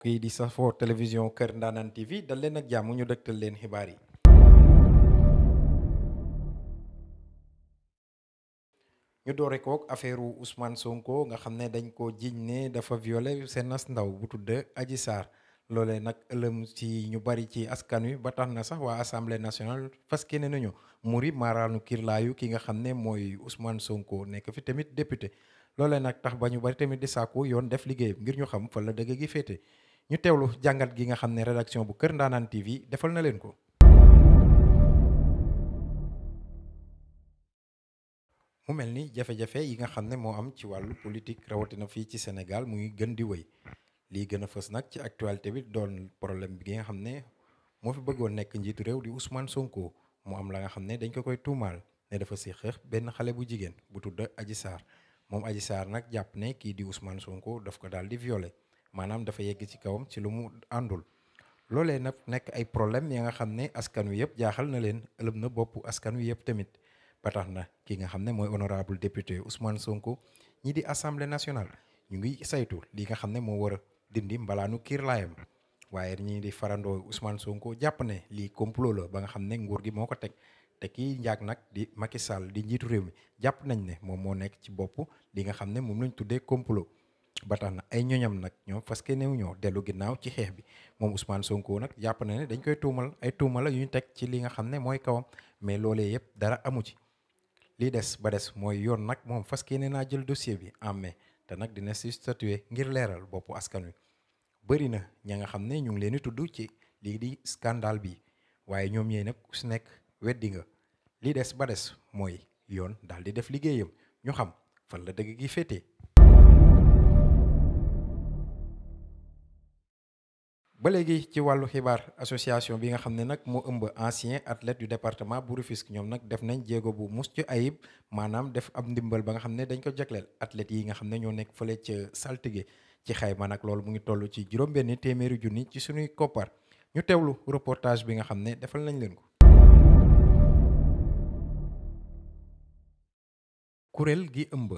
kii di safoo télévision Kër Ndaanaan TV dal leen ak ñu dëgtal leen xibaar doore kook affaire usmaan Sonko nga xam ne dañ ko jiiñ ne dafa violé seen as ndaw bu tudd Adji Sarr loolee nag ëlëm ci ñu bari ci askan wi ba tax na sax waa assemblée nationale fas ne nañu muri maaraanu kirlaayu ki nga xam ne mooy Ousmane Sonko nekk fi tamit député loolee nag tax ba ñu bari tamit di sàkku yoon def liggéeyam ngir ñu xam fa dëgg gi féete. ñu teewlu jàngat gi nga xam ne rédaction bu Kër Ndaanaan TV defal na leen ko. mu mel ni jafe-jafe yi nga xam ne moo am ci wàllu politique rawatina fii ci Sénégal ngi gën di wëy lii gën a fës nag ci actualité bi doon problème bi nga xam ne moo fi bëggoon nekk njiitu réew di Ousmane Sonko mu am la nga xam ne dañ ko koy tuumaal ne dafa si xeex benn xale bu jigéen bu tudd aji Sarr moom Adji Sarr nag jàpp ne kii di Ousmane Sonko daf ko daal di violé maanaam dafa yegg ci kawam ci lu mu àndul loolee nag nekk ay problème ya nga xam ne askan wi yëpp jaaxal na leen ëlëb na bopp askan wi yëpp tamit ba tax na kii nga xam ne mooy honorable député Ousmane Sonko ñi di assemblée nationale ñu ngi saytu li nga xam ne moo war a dindi mbalaanu kiir laayam waaye ñi di farandoo Ousmane Sonko jàpp ne lii complot la ba nga xam ne nguur gi moo ko teg te kii njaag nag di Macky di njiitu réew mi jàpp nañ ne moom moo nekk ci bopp li nga xam ne moom lañ tuddee complot ba na ay ñoñam nag ñoom parce que néew ñoo dellu ginnaaw ci xeex bi moom Ousmane sonkoo nag jàpp na ne dañ koy tuumal ay tuumala yu ñu teg ci li nga xam ne mooy kawam mais loolee yëpp dara amu ci li des ba des mooy yoon nag moom fas yéene naa jël dossier bi en te nag dina si ngir leeral boppu askan wi bëri na ña nga xam ne ñu ngi leen di tudd ci lii di scandale bi waaye ñoom ñee nag ku si nekk weddi nga li des ba des mooy yoon daal di def liggéeyam ñu xam fan la dëgg gi féetee. ba léegi ci wàllu xibaar association bi nga xam ne nag mu ëmb ancien atletes du département bu Rufisque ñoom nag def nañ jéego bu mucc ayib maanaam def ab ndimbal ba nga xam ne dañ ko jagleel atletes yi nga xam ne ñoo nekk fële ca saltige ci xayma nag loolu mu ngi toll ci juróom-benni téeméeri junni ci suñuy koppar ñu teewlu reportage bi nga xam ne defal nañ leen ko. kuréel gi ëmb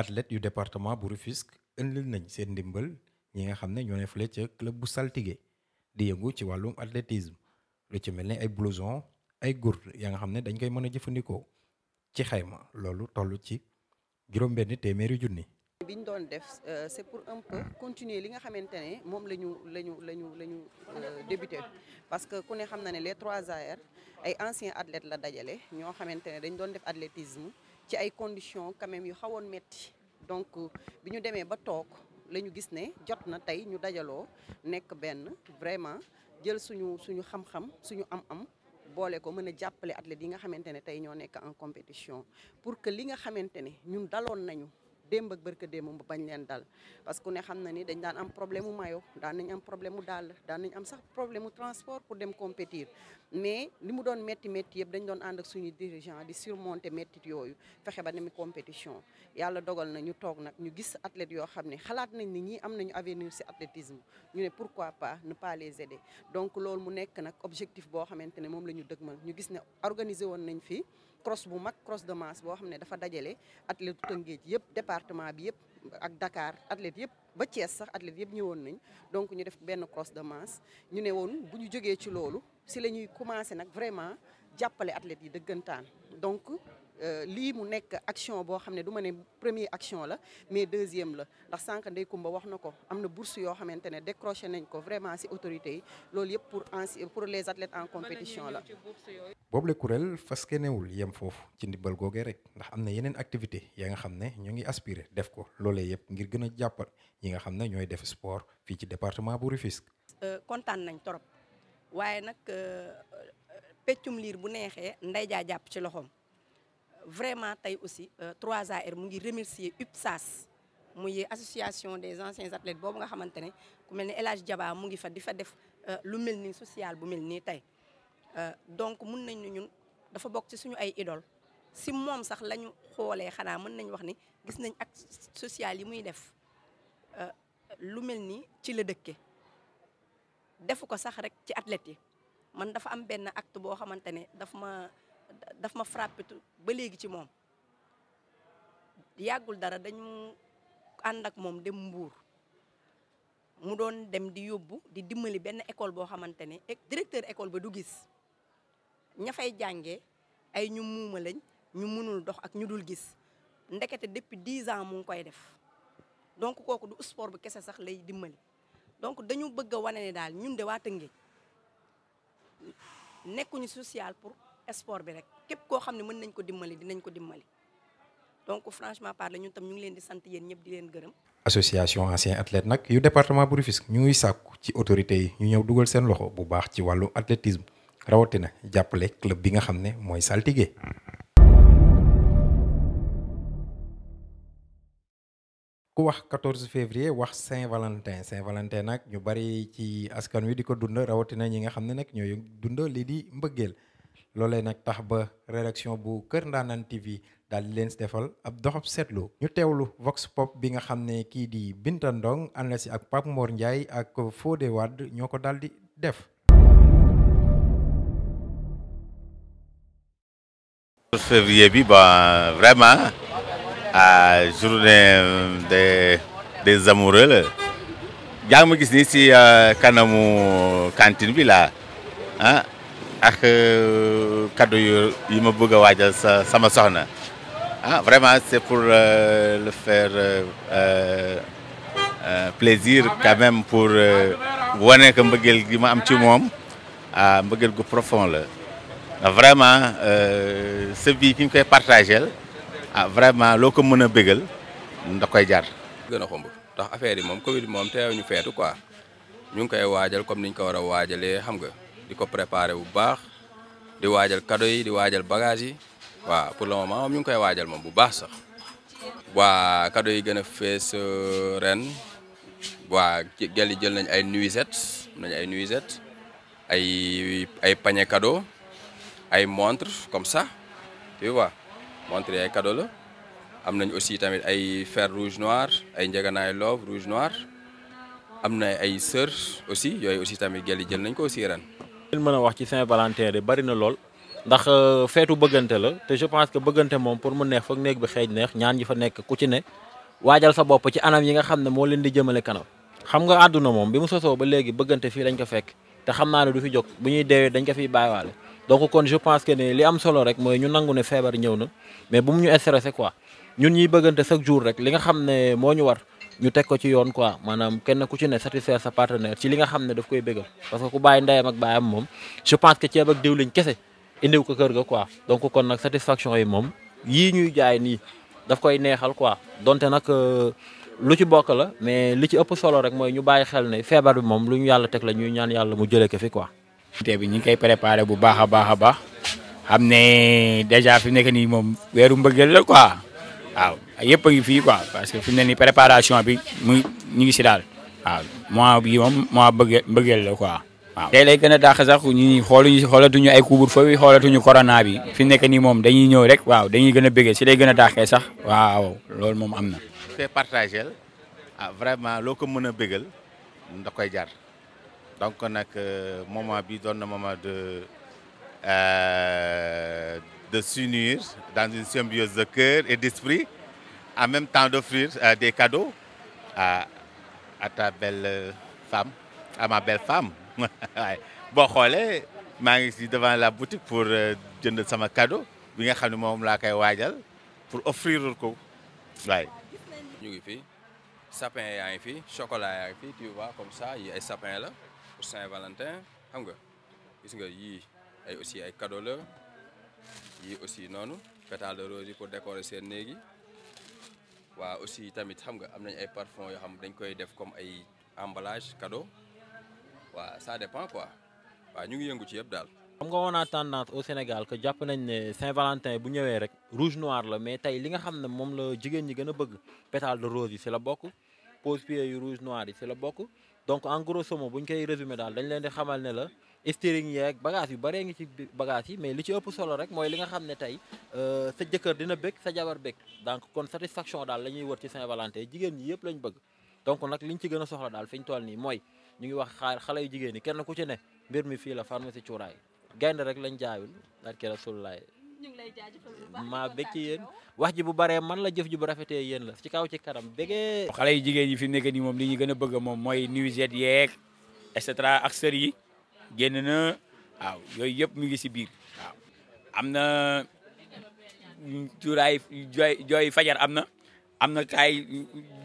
athlète yu département bu indil nañ seen ndimbal. ñi nga xam ne ñoo ne fële ca club bu saltige di yëngu ci wàllum athlétisme lu ci mel ni ay blouson ay gourde yaa nga xam ne dañ koy mën a jëfandikoo ci xayma loolu toll ci juróom-benn téeméeri junni. bi ñu doon def euh, c'est pour un peu continuer li nga xamante ne moom la ñu la ñu la ñu la ñu euh, débuté parce que ku ne xam na ne les trois AR ay anciens athlètes la dajale ñoo xamante ne dañ doon def athlétisme ci ay conditions quand même yu xawoon metti donc euh, bi ñu demee ba toog la ñu gis ne jot na tey ñu dajaloo nekk benn vraiment jël suñu suñu xam-xam suñu am-am boole ko mën a jàppale athlètes yi nga xamante ne tey ñoo nekk en compétition pour que li nga xamante ne ñun daloon nañu démb ak barka démb mu bañ leen dal parce que ku ne xam na ni dañ daan am problème mu maillot daan nañ am problème mu dàll daan nañ am sax problème mu transport pour dem compétir mais li mu doon métti métti yëpp dañ doon ànd ak suñu dirigeant di surmonter méttit yooyu fexe ba ne mi compétition yàlla dogal na ñu toog nag ñu gis athlètes yoo xam ne xalaat nañ ni ñi am nañu avenir si athlétisme ñu ne pourquoi pas ne pas les aider donc loolu mu nekk nag objectif boo xamante ne moom la ñu dëgmal ñu gis ne organiser woon nañ fii cross bu mag cross de masse boo xam ne dafa dajale athlète Tëngéej yëpp département bi yëpp ak Dakar athlète yëpp ba Thiès sax athlète yëpp ñëwoon nañ donc ñu def benn cross de masse ñu ne woon bu ñu jógee ci loolu si la ñuy commencé nag vraiment jàppale athlètes yi dëggantaan donc Euh, lii mu nekk action boo xam ne du ma ne premier action la mais deuxième la ndax sànq Ndeye Kumba wax na ko am na bourse yoo xamante ne décroché nañ ko vraiment si autorité yi loolu yëpp pour en pour les athlètes en compétition la. boobule kuréel fas newul yem foofu ci ndimbal googee rek ndax am na yeneen activité yaa nga xam ne ñoo ngi aspiré def ko loole yëpp ngir gën a jàppal ñi nga xam ne ñooy def sport fii ci département bu Rufisque. Euh, kontaan nañ torop waaye nag euh, peccum liir bu neexee ndey jàpp ci loxoom. vraiment tey aussi euh, 3AR mu ngi remercier mu muy association des anciens athlètes boobu nga xamante ne ku mel ni El Hadj mu ngi fa di fa def euh, lu mel ni social bu mel nii tey euh, donc mun nañ ñun dafa bokk ci suñu ay idole si moom sax lañu ñu xoolee xanaa mën nañ wax ni gis nañ ak social yi muy def lu mel ni ci la dëkke defu ko sax rek ci atlete yi man dafa am benn acte boo xamante ne daf ma daf ma frappé ba léegi ci moom yàggul dara dañu ànd ak moom dem Mbour mu doon dem di yóbbu di dimbali benn école boo xamante ne e- directeur école ba du gis ña fay jàngee ay ñu muuma lañ ñu mënul dox ak ñu dul gis ndekete depuis dix ans mu ngi koy def donc kooku du sport bu kese sax lay dimbali donc dañu bëgg wane ne daal ñun de waa Tëngéej nekkuñu social pour. sport bi rek képp koo xam ne mën nañ ko dimbali dinañ ko dimbali donc franchement parler ñun tam ñu ngi leen di sant yéen ñëpp di leen gërëm. association anciens athlètes nag yu département bu Rufisque ñu ngi sàkku ci autorités yi ñu ñëw dugal seen loxo bu baax ci wàllu athlétisme rawatina jàppale club bi nga xam ne mooy saltige. ku wax 14 février wax Saint-Valentin Saint-Valentin nag ñu bari ci askan wi di ko dund rawatina ñi nga xam ne nag ñooy dund lii di mbëggeel. loole nag tax ba rédaction bu Kër Ndaanaan TV daal di leen defal ab doxab seetlu ñu teewlu Vox Pop bi nga xam ne kii di Binta Ndong ànd si ak Pape Mor Ndiaye ak Fodé Wade ñoo ko daal di def. février bi bon vraiment à journée des des amoureux gis nii si euh, kanamu cantine bi ak euh, kaddu yu yi ma bëgg a waajal sa sama soxna ah vraiment c'est pour euh, le faire euh, euh, plaisir quand même pour wane que mbëggeel gi ma am ci moom ah mbëggeel gu profond la ah, vraiment sa vie ki koy partagel ah vraiment loo ko mën a bégal da koy jar. gën a xomb ndax affaire yi moom Covid moom teew ñu feetu quoi ñu ngi koy waajal comme niñ ko war a waajalee xam nga. di ko préparer bu baax di waajal cadeau yi di waajal bagage yi waaw pour le moment moom ñu ngi koy waajal moom bu baax sax waa cadeau yi gën a fees euh, ren waa gel yi jël nañ ay nuisettes nañ ay nuisettes ay ay panier ay montre comme ça tu vois montre yi ay cadeau la am nañ aussi tamit ay fer rouge noir ay njeganaay love rouge noir am na ay sër aussi yooyu aussi tamit gel yi jël nañ ko aussi ren leen mën a wax ci Saint-Valentin de bari na lool ndax euh, feetu bëggante la te je pense que bëggante moom pour mu neex foog néeg bi xeej neex ñaan ñi fa nekk ku ci ne waajal sa bopp ci anam yi nga xam ne moo leen di jëmale kanam xam nga àdduna moom bi mu sosoo ba léegi bëggante fii dañ ko fekk te xam naa ne du fi jog bu ñuy deewee dañ ko fiy bàyyiwaale donc kon je pense que ne li am solo rek mooy ñu nangu ne feebar ñëw na mais bu mu ñu stressé quoi ñun ñuy bëggante chaque jour rek li nga xam ne moo ñu war ñu teg ko ci yoon quoi maanaam kenn ku ci ne satisfaire sa partenaire ci li nga xam ne daf koy bégal parce que ku bàyyi ndeyam ak baayam moom je pense que ceeb ak diwliñ kese indiw ko kër ga quoi donc kon nag satisfaction yi moom yii ñuy jaay nii daf koy neexal quoi donte nag euh, lu ci bokk la mais li ci ëpp solo rek mooy ñu bàyyi xel ne feebar bi moom lu ñu yàlla teg la ñuy ñaan yàlla mu jëlee ko fi quoi. tey bi ñu ngi koy préparé bu baax a baax a baax xam ne dèjà fi nekk nii moom weeru mbëggeel la waaw yëpp ngi fii quoi parce que fi mu ne nii préparation bi muy ñu ngi si daal waaw mois bii moom mois bëgge bëggeel la quoi waaw. tey lay gën a dàq sax ñi xooluñu si xoolatuñu ay couvre-feu bi xoolatuñu corona bi fi nekk ni moom dañuy ñëw rek waaw dañuy gën a bëggee si lay gën a dàqee sax waaw loolu moom am na. te partagé a ah, vraiment loo ko mën a bëggal da koy jar donc nag euh, moment bi doon na moment de. Euh, de s'unir dans une symbiose de cœur et d'esprit, en même temps d'offrir euh, des cadeaux à, à ta belle euh, femme, à ma belle femme. boo xoolee maa ngi ci devant la boutique pour euh, jënd sama cadeau bi nga xam ne moom laa koy waajal pour offrir ko waaye. ñu ngi fi sapin yaa ngi fi chocolat yaa ngi fi tu vois comme ça yi ay sapin la pour Saint-Valentin xam nga gis nga yi ay ay cadeau la. yi aussi noonu pétales de rose yi pour décorer seen néegi yi waa aussi tamit xam nga am nañ ay parfum yoo xam dañ koy def comme ay emballage cadeau waa ça dépend quoi waa ñu ngi yëngu ci yëpp daal. xam nga on a tendance au Sénégal que jàpp nañ ne Saint-Valentin bu ñëwee rek rouge noir la mais tey li nga xam ne moom la jigéen ñi gën a bëgg pétales de rose yi si la bokk. pose-pieds yu rouge noir yi si la bokk donc en grosso modo ñu koy résumé daal dañ leen di xamal ne la steering yeeg bagage yu baree ngi ci bagage yi mais li ci ëpp solo rek mooy li nga xam ne tey euh, sa jëkkër dina bëgg sa jabar bëgg donc kon satisfaction daal la ñuy wër ci seen valentin jigéen ñi yëpp lañ bëgg donc nag ñu ci gën a soxla daal fi ñu toll nii mooy ñu ngi wax xaar xale yu jigéen ñi kenn ku ci ne mbir mi fii la pharmacie cuuraay gaynde rek lañ jaayul daal ki rasulullaay ñu ngi lay jaajëfal maa bëgg yéen wax ji bu baree man la jëf ji bu rafetee yéen la ci kaw ci kanam bëggee. xale yu jigéen ñi fi mu nekk nii moom li ñu gën a bëgg moom mooy nuisette yeeg et cetera ak sër yi génn na waaw yooyu yëpp mu ngi si biir waaw. am na cuuraay jooy jooy fajar am na am na kaay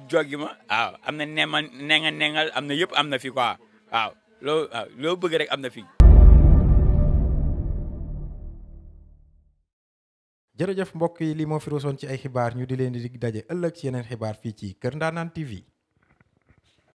joggi ma waaw am na nema nenga nengal am na yëpp am na fi quoi waaw loo waaw rek am na fi. jërëjëf mbokk yi li moo fi ruusoon ci ay xibaar ñu di leen di daje ëllëg ci yeneen xibaar fii ci Kër Ndaanaan TV